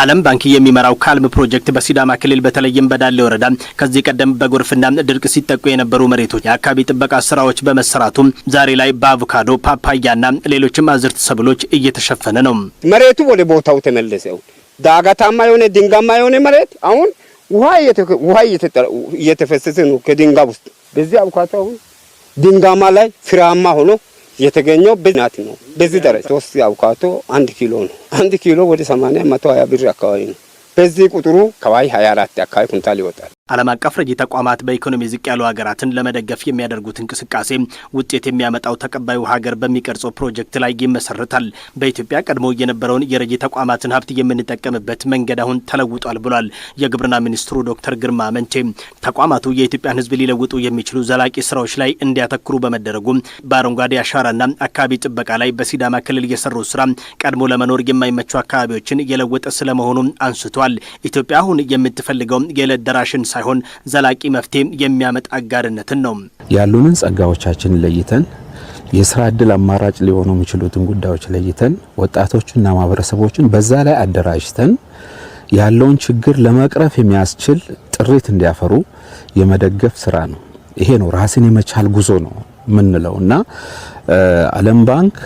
ዓለም ባንክ የሚመራው ካልም ፕሮጀክት በሲዳማ ክልል በተለይም በዳሌ ወረዳ ከዚህ ቀደም በጎርፍና ድርቅ ሲጠቁ የነበሩ መሬቶች የአካባቢ ጥበቃ ስራዎች በመሰራቱ ዛሬ ላይ በአቮካዶ ፓፓያና ሌሎችም አዝርት ሰብሎች እየተሸፈነ ነው። መሬቱ ወደ ቦታው ተመለሰው። ዳገታማ የሆነ ድንጋማ የሆነ መሬት አሁን ውሃ እየተፈሰሰ ነው ከድንጋ ውስጥ በዚህ አቮካዶ አሁን ድንጋማ ላይ ፍሬያማ ሆኖ የተገኘው ብናት ነው። በዚህ ደረጃ ሶስት አቮካዶ አንድ ኪሎ ነው። አንድ ኪሎ ወደ መቶ ሀያ ብር አካባቢ ነው። በዚህ ቁጥሩ ሀያ አራት አካባቢ ኩንታል ይወጣል። ዓለም አቀፍ ረጂ ተቋማት በኢኮኖሚ ዝቅ ያሉ ሀገራትን ለመደገፍ የሚያደርጉት እንቅስቃሴ ውጤት የሚያመጣው ተቀባዩ ሀገር በሚቀርጸው ፕሮጀክት ላይ ይመሰርታል። በኢትዮጵያ ቀድሞ የነበረውን የረጂ ተቋማትን ሀብት የምንጠቀምበት መንገድ አሁን ተለውጧል ብሏል የግብርና ሚኒስትሩ ዶክተር ግርማ መንቴ። ተቋማቱ የኢትዮጵያን ሕዝብ ሊለውጡ የሚችሉ ዘላቂ ስራዎች ላይ እንዲያተክሩ በመደረጉ በአረንጓዴ አሻራና አካባቢ ጥበቃ ላይ በሲዳማ ክልል የሰሩ ስራ ቀድሞ ለመኖር የማይመቹ አካባቢዎችን የለወጠ ስለመሆኑ አንስቷል። ኢትዮጵያ አሁን የምትፈልገው የዕለት ደራሽን ሳይሆን ዘላቂ መፍትሄም የሚያመጣ አጋርነትን ነው። ያሉንን ጸጋዎቻችን ለይተን የስራ እድል አማራጭ ሊሆኑ የሚችሉትን ጉዳዮች ለይተን ወጣቶችና ማህበረሰቦችን በዛ ላይ አደራጅተን ያለውን ችግር ለመቅረፍ የሚያስችል ጥሪት እንዲያፈሩ የመደገፍ ስራ ነው። ይሄ ነው ራስን የመቻል ጉዞ ነው ምንለው እና ዓለም ባንክ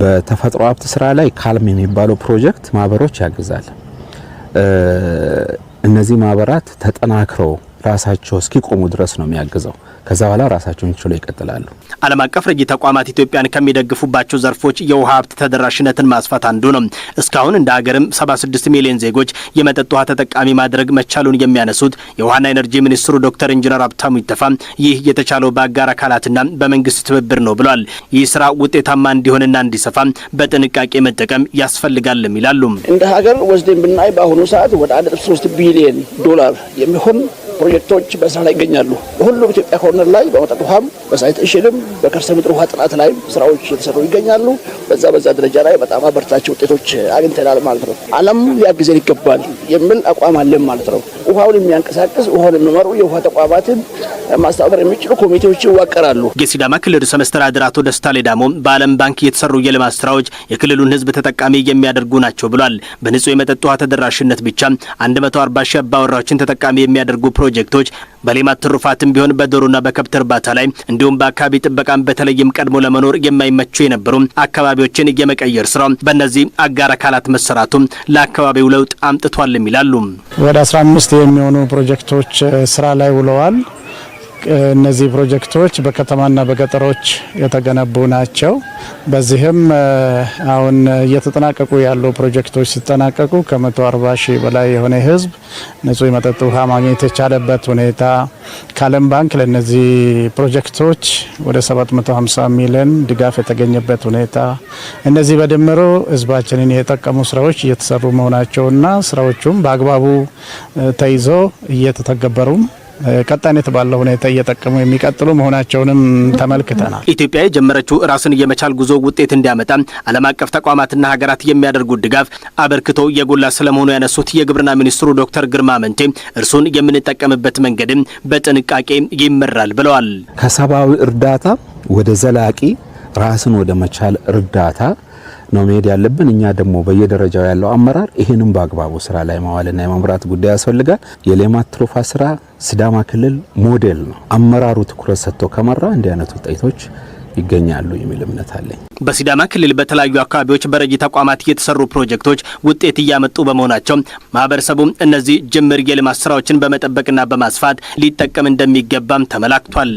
በተፈጥሮ ሀብት ስራ ላይ ካልም የሚባለው ፕሮጀክት ማህበሮች ያግዛል። እነዚህ ማህበራት ተጠናክረው ራሳቸው እስኪቆሙ ድረስ ነው የሚያግዘው። ከዛ በኋላ ራሳቸውን ችሎ ይቀጥላሉ። ዓለም አቀፍ ረጂ ተቋማት ኢትዮጵያን ከሚደግፉባቸው ዘርፎች የውሃ ሀብት ተደራሽነትን ማስፋት አንዱ ነው። እስካሁን እንደ ሀገርም 76 ሚሊዮን ዜጎች የመጠጥ ውሃ ተጠቃሚ ማድረግ መቻሉን የሚያነሱት የውሃና ኤነርጂ ሚኒስትሩ ዶክተር ኢንጂነር ሀብታሙ ይተፋ ይህ የተቻለው በአጋር አካላትና በመንግስት ትብብር ነው ብሏል። ይህ ስራ ውጤታማ እንዲሆንና እንዲሰፋ በጥንቃቄ መጠቀም ያስፈልጋልም ይላሉ። እንደ ሀገር ወስደን ብናይ በአሁኑ ሰዓት ወደ 1.3 ቢሊዮን ዶላር የሚሆን ፕሮጀክቶች በስራ ላይ ይገኛሉ። በሁሉም ኢትዮጵያ ኮርነር ላይ በመጠጥ ውሃም፣ በሳይቴሽንም፣ በከርሰ ምድር ውሃ ጥናት ላይም ስራዎች የተሰሩ ይገኛሉ። በዛ በዛ ደረጃ ላይ በጣም አበርታች ውጤቶች አግኝተናል ማለት ነው። ዓለም ሊያግዘን ይገባል የሚል አቋም አለን ማለት ነው። ውሃውን የሚያንቀሳቅስ ውሃውን የሚመሩ የውሃ ተቋማትን ማስተባበር የሚችሉ ኮሚቴዎች ይዋቀራሉ። የሲዳማ ክልል ርዕሰ መስተዳድር አቶ ደስታ ሌዳሞ በዓለም ባንክ የተሰሩ የልማት ስራዎች የክልሉን ሕዝብ ተጠቃሚ የሚያደርጉ ናቸው ብሏል። በንጹህ የመጠጥ ውሃ ተደራሽነት ብቻ 140 ሺህ አባወራዎችን ተጠቃሚ የሚያደርጉ ፕሮጀክቶች በሌማት ትሩፋትም ቢሆን በዶሮና በከብት እርባታ ላይ እንዲሁም በአካባቢ ጥበቃን በተለይም ቀድሞ ለመኖር የማይመቹ የነበሩ አካባቢዎችን የመቀየር ስራ በእነዚህ አጋር አካላት መሰራቱ ለአካባቢው ለውጥ አምጥቷልም ይላሉ። ወደ 15 የሚሆኑ ፕሮጀክቶች ስራ ላይ ውለዋል። እነዚህ ፕሮጀክቶች በከተማና በገጠሮች የተገነቡ ናቸው። በዚህም አሁን እየተጠናቀቁ ያሉ ፕሮጀክቶች ሲጠናቀቁ ከ140 ሺህ በላይ የሆነ ህዝብ ንጹህ መጠጥ ውሃ ማግኘት የቻለበት ሁኔታ ከዓለም ባንክ ለእነዚህ ፕሮጀክቶች ወደ 750 ሚሊዮን ድጋፍ የተገኘበት ሁኔታ እነዚህ በድምሮ ህዝባችንን የጠቀሙ ስራዎች እየተሰሩ መሆናቸውና ስራዎቹም በአግባቡ ተይዞ እየተተገበሩም ቀጣይነት ባለው ሁኔታ እየጠቀሙ የሚቀጥሉ መሆናቸውንም ተመልክተናል። ኢትዮጵያ የጀመረችው ራስን የመቻል ጉዞ ውጤት እንዲያመጣ ዓለም አቀፍ ተቋማትና ሀገራት የሚያደርጉት ድጋፍ አበርክቶ የጎላ ስለመሆኑ ያነሱት የግብርና ሚኒስትሩ ዶክተር ግርማ መንቴ እርሱን የምንጠቀምበት መንገድም በጥንቃቄ ይመራል ብለዋል። ከሰብአዊ እርዳታ ወደ ዘላቂ ራስን ወደ መቻል እርዳታ ነው መሄድ ያለብን። እኛ ደግሞ በየደረጃው ያለው አመራር ይህንም በአግባቡ ስራ ላይ ማዋልና የመምራት ጉዳይ ያስፈልጋል። የሌማት ትሩፋት ስራ ሲዳማ ክልል ሞዴል ነው። አመራሩ ትኩረት ሰጥቶ ከመራ እንዲህ አይነት ውጤቶች ይገኛሉ የሚል እምነት አለኝ። በሲዳማ ክልል በተለያዩ አካባቢዎች በረጂ ተቋማት የተሰሩ ፕሮጀክቶች ውጤት እያመጡ በመሆናቸው ማህበረሰቡም እነዚህ ጅምር የልማት ስራዎችን በመጠበቅና በማስፋት ሊጠቀም እንደሚገባም ተመላክቷል።